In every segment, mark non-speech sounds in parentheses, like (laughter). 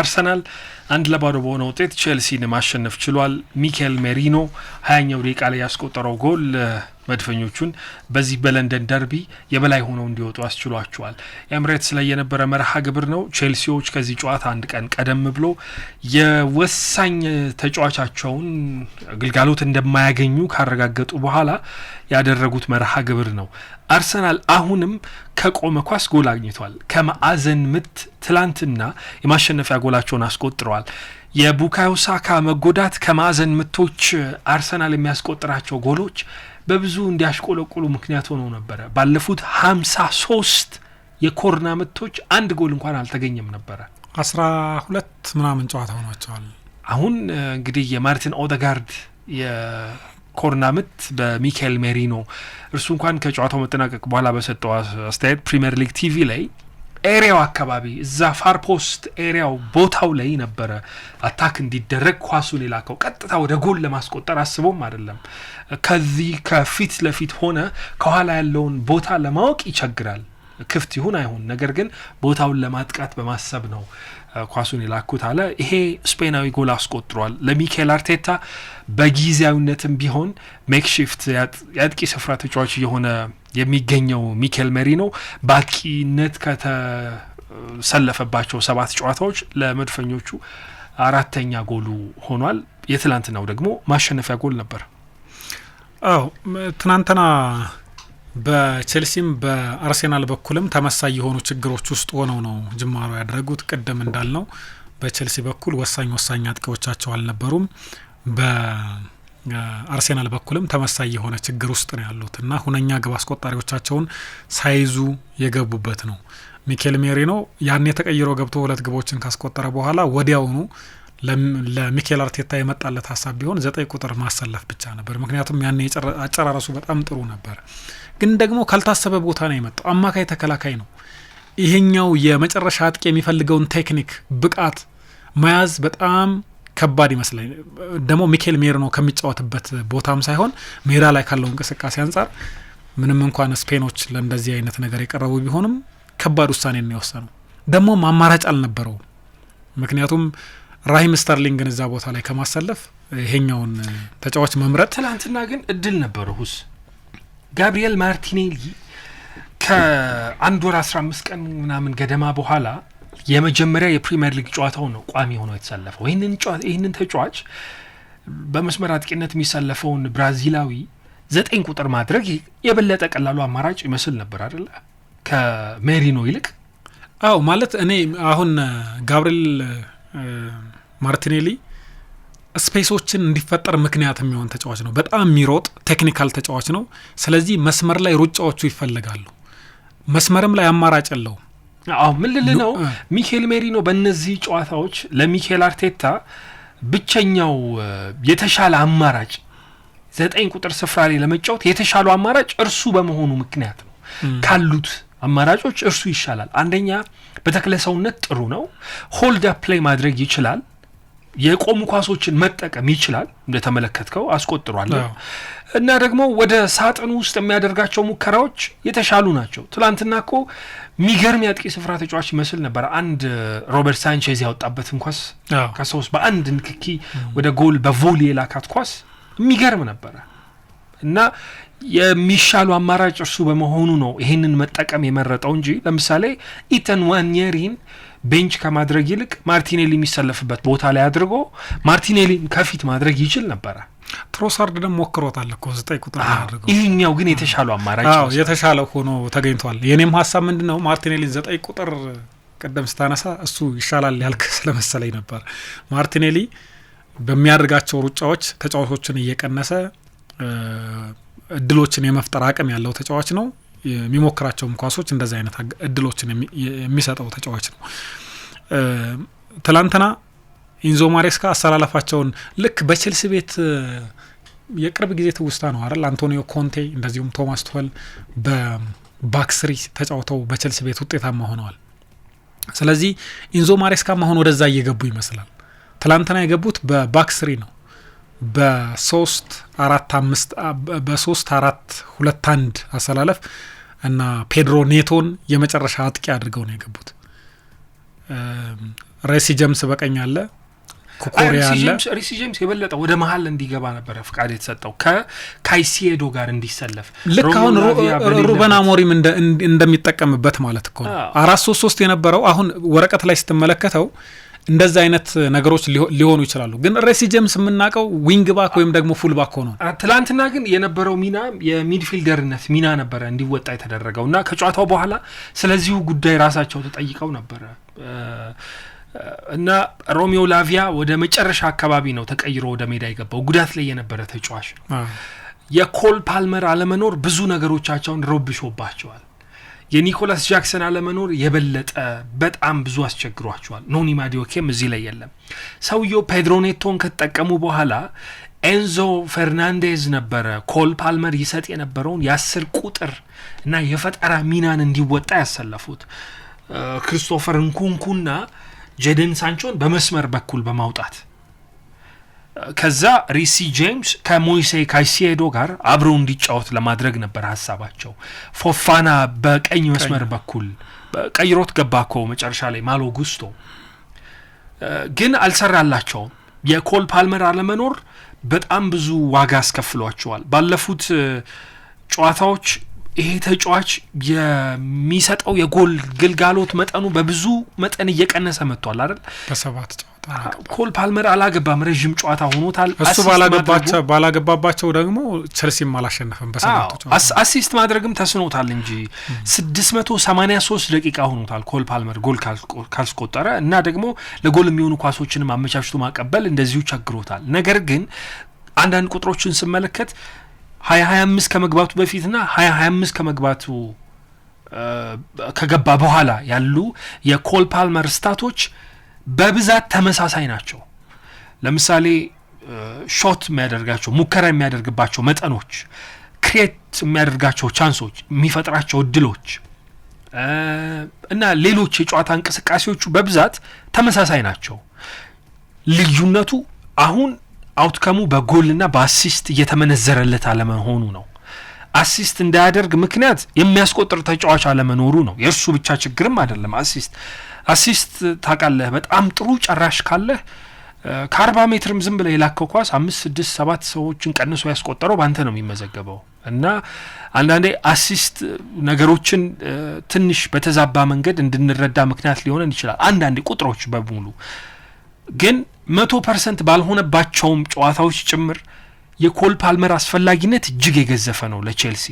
አርሰናል አንድ ለባዶ በሆነ ውጤት ቼልሲን ማሸነፍ ችሏል። ሚኬል ሜሪኖ ሀያኛው ደቂቃ ላይ ያስቆጠረው ጎል መድፈኞቹን በዚህ በለንደን ደርቢ የበላይ ሆነው እንዲወጡ አስችሏቸዋል። ኤምሬትስ ላይ የነበረ መርሃ ግብር ነው። ቼልሲዎች ከዚህ ጨዋታ አንድ ቀን ቀደም ብሎ የወሳኝ ተጫዋቻቸውን ግልጋሎት እንደማያገኙ ካረጋገጡ በኋላ ያደረጉት መርሃ ግብር ነው። አርሰናል አሁንም ከቆመ ኳስ ጎል አግኝቷል። ከማዕዘን ምት ትላንትና የማሸነፊያ ጎላቸውን አስቆጥረዋል። የቡካዮ ሳካ መጎዳት ከማዕዘን ምቶች አርሰናል የሚያስቆጥራቸው ጎሎች በብዙ እንዲያሽቆለቁሉ ምክንያት ሆነው ነበረ። ባለፉት ሀምሳ ሶስት የኮርና ምቶች አንድ ጎል እንኳን አልተገኘም ነበረ። አስራ ሁለት ምናምን ጨዋታ ሆኗቸዋል። አሁን እንግዲህ የማርቲን ኦደጋርድ የኮርና ምት በሚካኤል ሜሪኖ እርሱ እንኳን ከጨዋታው መጠናቀቅ በኋላ በሰጠው አስተያየት ፕሪምየር ሊግ ቲቪ ላይ ኤሪያው አካባቢ እዛ ፋርፖስት ኤሪያው ቦታው ላይ ነበረ አታክ እንዲደረግ ኳሱን የላከው። ቀጥታ ወደ ጎል ለማስቆጠር አስቦም አይደለም። ከዚህ ከፊት ለፊት ሆነ ከኋላ ያለውን ቦታ ለማወቅ ይቸግራል። ክፍት ይሁን አይሁን፣ ነገር ግን ቦታውን ለማጥቃት በማሰብ ነው ኳሱን የላኩት አለ። ይሄ ስፔናዊ ጎል አስቆጥሯል። ለሚካኤል አርቴታ በጊዜያዊነትም ቢሆን ሜክሽፍት የአጥቂ ስፍራ ተጫዋች የሆነ የሚገኘው ሚኬል ሜሪኖ በአጥቂነት ከተሰለፈባቸው ሰባት ጨዋታዎች ለመድፈኞቹ አራተኛ ጎሉ ሆኗል። የትላንትናው ደግሞ ማሸነፊያ ጎል ነበር። አዎ ትናንትና በቼልሲም በአርሴናል በኩልም ተመሳይ የሆኑ ችግሮች ውስጥ ሆነው ነው ጅማሮ ያደረጉት። ቅድም እንዳልነው በቼልሲ በኩል ወሳኝ ወሳኝ አጥቂዎቻቸው አልነበሩም። አርሴናል በኩልም ተመሳይ የሆነ ችግር ውስጥ ነው ያሉት እና ሁነኛ ግብ አስቆጣሪዎቻቸውን ሳይዙ የገቡበት ነው። ሚኬል ሜሪኖ ያኔ ተቀይሮ ገብቶ ሁለት ግቦችን ካስቆጠረ በኋላ ወዲያውኑ ለሚኬል አርቴታ የመጣለት ሀሳብ ቢሆን ዘጠኝ ቁጥር ማሰለፍ ብቻ ነበር። ምክንያቱም ያኔ አጨራረሱ በጣም ጥሩ ነበር፣ ግን ደግሞ ካልታሰበ ቦታ ነው የመጣው። አማካይ ተከላካይ ነው። ይሄኛው የመጨረሻ አጥቂ የሚፈልገውን ቴክኒክ ብቃት መያዝ በጣም ከባድ ይመስላል። ደግሞ ሚኬል ሜሪኖ ከሚጫወትበት ቦታም ሳይሆን ሜዳ ላይ ካለው እንቅስቃሴ አንጻር ምንም እንኳን ስፔኖች ለእንደዚህ አይነት ነገር የቀረቡ ቢሆንም ከባድ ውሳኔ ነው የወሰነው። ደግሞም አማራጭ አልነበረው ምክንያቱም ራሂም ስተርሊንግን እዛ ቦታ ላይ ከማሰለፍ ይሄኛውን ተጫዋች መምረጥ። ትናንትና ግን እድል ነበረ። ሁስ ጋብሪኤል ማርቲኔሊ ከአንድ ወር አስራ አምስት ቀን ምናምን ገደማ በኋላ የመጀመሪያ የፕሪሚየር ሊግ ጨዋታው ነው ቋሚ ሆኖ የተሰለፈው። ይህንን ተጫዋች በመስመር አጥቂነት የሚሰለፈውን ብራዚላዊ ዘጠኝ ቁጥር ማድረግ የበለጠ ቀላሉ አማራጭ ይመስል ነበር አይደለ? ከሜሪኖ ይልቅ። አዎ ማለት እኔ አሁን ጋብሪኤል ማርቲኔሊ ስፔሶችን እንዲፈጠር ምክንያት የሚሆን ተጫዋች ነው። በጣም የሚሮጥ ቴክኒካል ተጫዋች ነው። ስለዚህ መስመር ላይ ሩጫዎቹ ይፈልጋሉ። መስመርም ላይ አማራጭ የለውም። አዎ ምን ልል ነው ሚኬል ሜሪኖ በእነዚህ ጨዋታዎች ለሚኬል አርቴታ ብቸኛው የተሻለ አማራጭ ዘጠኝ ቁጥር ስፍራ ላይ ለመጫወት የተሻለው አማራጭ እርሱ በመሆኑ ምክንያት ነው። ካሉት አማራጮች እርሱ ይሻላል። አንደኛ በተክለ ሰውነት ጥሩ ነው። ሆልድ አፕ ፕሌይ ማድረግ ይችላል። የቆሙ ኳሶችን መጠቀም ይችላል። እንደተመለከትከው አስቆጥሯል። እና ደግሞ ወደ ሳጥን ውስጥ የሚያደርጋቸው ሙከራዎች የተሻሉ ናቸው። ትላንትና እኮ ሚገርም የአጥቂ ስፍራ ተጫዋች ይመስል ነበር። አንድ ሮበርት ሳንቼዝ ያወጣበትን ኳስ ከሰውስ በአንድ ንክኪ ወደ ጎል በቮሊ የላካት ኳስ የሚገርም ነበረ እና የሚሻሉ አማራጭ እርሱ በመሆኑ ነው ይህንን መጠቀም የመረጠው እንጂ ለምሳሌ ኢተን ዋኔሪን ቤንች ከማድረግ ይልቅ ማርቲኔሊ የሚሰለፍበት ቦታ ላይ አድርጎ ማርቲኔሊን ከፊት ማድረግ ይችል ነበረ። ትሮሳርድ ደግሞ ሞክሮታል እኮ ዘጠኝ ቁጥር አድርገው። ይህኛው ግን የተሻለው አማራጭ የተሻለ ሆኖ ተገኝቷል። የእኔም ሀሳብ ምንድን ነው ማርቲኔሊን ዘጠኝ ቁጥር ቅደም ስታነሳ እሱ ይሻላል ያልክ (laughs) ስለመሰለኝ ነበር። ማርቲኔሊ በሚያደርጋቸው ሩጫዎች ተጫዋቾችን እየቀነሰ እድሎችን የመፍጠር አቅም ያለው ተጫዋች ነው። የሚሞክራቸውም ኳሶች እንደዚህ አይነት እድሎችን የሚሰጠው ተጫዋች ነው። ትላንትና ኢንዞ ማሬስካ አሰላለፋቸውን ልክ በቼልሲ ቤት የቅርብ ጊዜ ትውስታ ነው አይደል? አንቶኒዮ ኮንቴ እንደዚሁም ቶማስ ቱኸል በባክስሪ ተጫውተው በቼልሲ ቤት ውጤታማ ሆነዋል። ስለዚህ ኢንዞ ማሬስካም አሁን ወደዛ እየገቡ ይመስላል። ትላንትና የገቡት በባክስሪ ነው በሶስት አራት አምስት በሶስት አራት ሁለት አንድ አሰላለፍ እና ፔድሮ ኔቶን የመጨረሻ አጥቂ አድርገው ነው የገቡት። ሬሲ ጀምስ በቀኝ አለ፣ ኩኮሬ አለ። ሬሲ ጀምስ የበለጠ ወደ መሀል እንዲገባ ነበረ ፍቃድ የተሰጠው ከካይሲዶ ጋር እንዲሰለፍ፣ ልክ አሁን ሩበን አሞሪም እንደሚጠቀምበት ማለት እኮ ነው። አራት ሶስት ሶስት የነበረው አሁን ወረቀት ላይ ስትመለከተው እንደዚህ አይነት ነገሮች ሊሆኑ ይችላሉ። ግን ሬሲ ጀምስ የምናውቀው ዊንግ ባክ ወይም ደግሞ ፉል ባክ ሆኖ፣ ትላንትና ግን የነበረው ሚና የሚድፊልደርነት ሚና ነበረ እንዲወጣ የተደረገው እና ከጨዋታው በኋላ ስለዚሁ ጉዳይ ራሳቸው ተጠይቀው ነበረ እና ሮሚዮ ላቪያ ወደ መጨረሻ አካባቢ ነው ተቀይሮ ወደ ሜዳ የገባው። ጉዳት ላይ የነበረ ተጫዋች ነው። የኮል ፓልመር አለመኖር ብዙ ነገሮቻቸውን ረብሾባቸዋል። የኒኮላስ ጃክሰን አለመኖር የበለጠ በጣም ብዙ አስቸግሯቸዋል። ኖኒ ማዲዮኬም እዚህ ላይ የለም። ሰውየው ፔድሮኔቶን ከተጠቀሙ በኋላ ኤንዞ ፈርናንዴዝ ነበረ ኮል ፓልመር ይሰጥ የነበረውን የአስር ቁጥር እና የፈጠራ ሚናን እንዲወጣ ያሰለፉት ክሪስቶፈር እንኩንኩና ጄደን ሳንቾን በመስመር በኩል በማውጣት ከዛ ሪሲ ጄምስ ከሞይሴ ካይሲዶ ጋር አብሮ እንዲጫወት ለማድረግ ነበር ሀሳባቸው። ፎፋና በቀኝ መስመር በኩል ቀይሮት ገባ ኮ መጨረሻ ላይ ማሎ ጉስቶ ግን አልሰራላቸውም። የኮል ፓልመር አለመኖር በጣም ብዙ ዋጋ አስከፍሏቸዋል። ባለፉት ጨዋታዎች ይሄ ተጫዋች የሚሰጠው የጎል ግልጋሎት መጠኑ በብዙ መጠን እየቀነሰ መጥቷል አይደል? በሰባት ኮል ፓልመር አላገባም፣ ረዥም ጨዋታ ሆኖታል። እሱ ባላገባባቸው ደግሞ ቸልሲም አላሸነፈም። በሰባት አሲስት ማድረግም ተስኖታል እንጂ ስድስት መቶ ሰማኒያ ሶስት ደቂቃ ሆኖታል ኮል ፓልመር ጎል ካልስቆጠረ እና ደግሞ ለጎል የሚሆኑ ኳሶችንም አመቻችቶ ማቀበል እንደዚሁ ቸግሮታል። ነገር ግን አንዳንድ ቁጥሮችን ስመለከት ሀያ ሀያ አምስት ከመግባቱ በፊትና ሀያ ሀያ አምስት ከመግባቱ ከገባ በኋላ ያሉ የኮል ፓልመር ስታቶች በብዛት ተመሳሳይ ናቸው። ለምሳሌ ሾት የሚያደርጋቸው ሙከራ የሚያደርግባቸው መጠኖች፣ ክሬት የሚያደርጋቸው ቻንሶች፣ የሚፈጥራቸው እድሎች እና ሌሎች የጨዋታ እንቅስቃሴዎቹ በብዛት ተመሳሳይ ናቸው። ልዩነቱ አሁን አውትከሙ በጎልና በአሲስት እየተመነዘረለት አለመሆኑ ነው። አሲስት እንዳያደርግ ምክንያት የሚያስቆጥር ተጫዋች አለመኖሩ ነው። የእሱ ብቻ ችግርም አይደለም። አሲስት አሲስት ታውቃለህ፣ በጣም ጥሩ ጨራሽ ካለህ ከአርባ ሜትርም ዝም ብለህ የላከው ኳስ አምስት ስድስት ሰባት ሰዎችን ቀንሶ ያስቆጠረው በአንተ ነው የሚመዘገበው እና አንዳንዴ አሲስት ነገሮችን ትንሽ በተዛባ መንገድ እንድንረዳ ምክንያት ሊሆነን ይችላል። አንዳንዴ ቁጥሮች በሙሉ ግን መቶ ፐርሰንት ባልሆነባቸውም ጨዋታዎች ጭምር የኮል ፓልመር አስፈላጊነት እጅግ የገዘፈ ነው ለቼልሲ።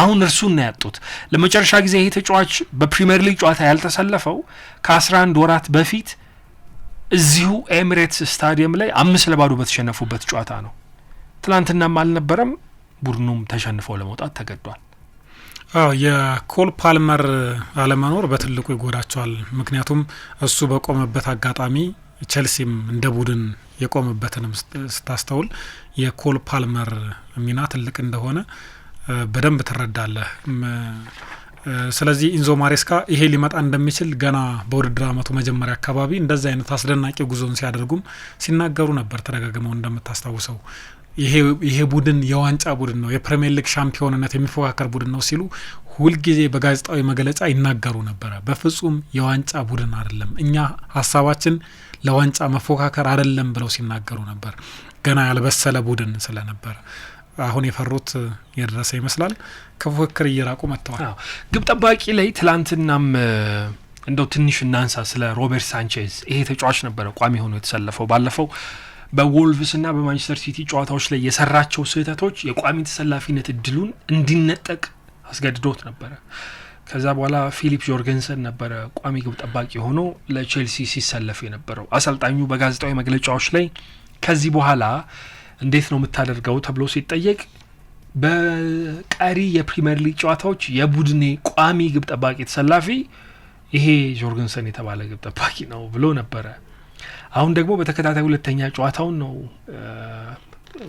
አሁን እርሱን ነው ያጡት። ለመጨረሻ ጊዜ ይሄ ተጫዋች በፕሪምየር ሊግ ጨዋታ ያልተሰለፈው ከ11 ወራት በፊት እዚሁ ኤሚሬትስ ስታዲየም ላይ አምስት ለባዶ በተሸነፉበት ጨዋታ ነው። ትናንትናም አልነበረም፣ ቡድኑም ተሸንፈው ለመውጣት ተገዷል። አዎ የኮል ፓልመር አለመኖር በትልቁ ይጎዳቸዋል። ምክንያቱም እሱ በቆመበት አጋጣሚ ቸልሲም እንደ ቡድን የቆመበትንም ስታስተውል የኮል ፓልመር ሚና ትልቅ እንደሆነ በደንብ ትረዳለህ። ስለዚህ ኢንዞ ማሬስካ ይሄ ሊመጣ እንደሚችል ገና በውድድር አመቱ መጀመሪያ አካባቢ እንደዚህ አይነት አስደናቂ ጉዞን ሲያደርጉም ሲናገሩ ነበር። ተደጋግመው እንደምታስታውሰው ይሄ ቡድን የዋንጫ ቡድን ነው፣ የፕሪምየር ሊግ ሻምፒዮንነት የሚፎካከር ቡድን ነው ሲሉ ሁልጊዜ በጋዜጣዊ መግለጫ ይናገሩ ነበረ። በፍጹም የዋንጫ ቡድን አይደለም እኛ ሀሳባችን ለዋንጫ መፎካከር አይደለም ብለው ሲናገሩ ነበር። ገና ያልበሰለ ቡድን ስለነበር አሁን የፈሩት የደረሰ ይመስላል። ከፉክክር እየራቁ መጥተዋል። ግብ ጠባቂ ላይ ትላንትናም እንደው ትንሽ እናንሳ ስለ ሮበርት ሳንቼዝ። ይሄ ተጫዋች ነበረ ቋሚ ሆኖ የተሰለፈው ባለፈው በዎልቭስና በማንቸስተር ሲቲ ጨዋታዎች ላይ የሰራቸው ስህተቶች የቋሚ ተሰላፊነት እድሉን እንዲነጠቅ አስገድዶት ነበረ። ከዛ በኋላ ፊሊፕ ጆርገንሰን ነበረ ቋሚ ግብ ጠባቂ ሆኖ ለቼልሲ ሲሰለፍ የነበረው። አሰልጣኙ በጋዜጣዊ መግለጫዎች ላይ ከዚህ በኋላ እንዴት ነው የምታደርገው ተብሎ ሲጠየቅ በቀሪ የፕሪምየር ሊግ ጨዋታዎች የቡድኔ ቋሚ ግብ ጠባቂ ተሰላፊ ይሄ ጆርገንሰን የተባለ ግብ ጠባቂ ነው ብሎ ነበረ። አሁን ደግሞ በተከታታይ ሁለተኛ ጨዋታውን ነው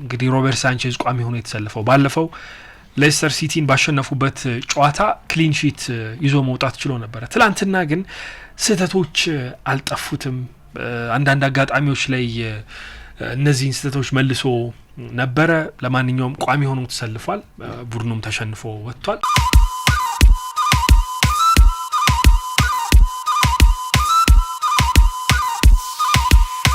እንግዲህ ሮበርት ሳንቼዝ ቋሚ ሆኖ የተሰልፈው ባለፈው ሌስተር ሲቲን ባሸነፉበት ጨዋታ ክሊንሺት ይዞ መውጣት ችሎ ነበረ። ትላንትና ግን ስህተቶች አልጠፉትም። አንዳንድ አጋጣሚዎች ላይ እነዚህን ስህተቶች መልሶ ነበረ። ለማንኛውም ቋሚ ሆኖ ተሰልፏል። ቡድኑም ተሸንፎ ወጥቷል።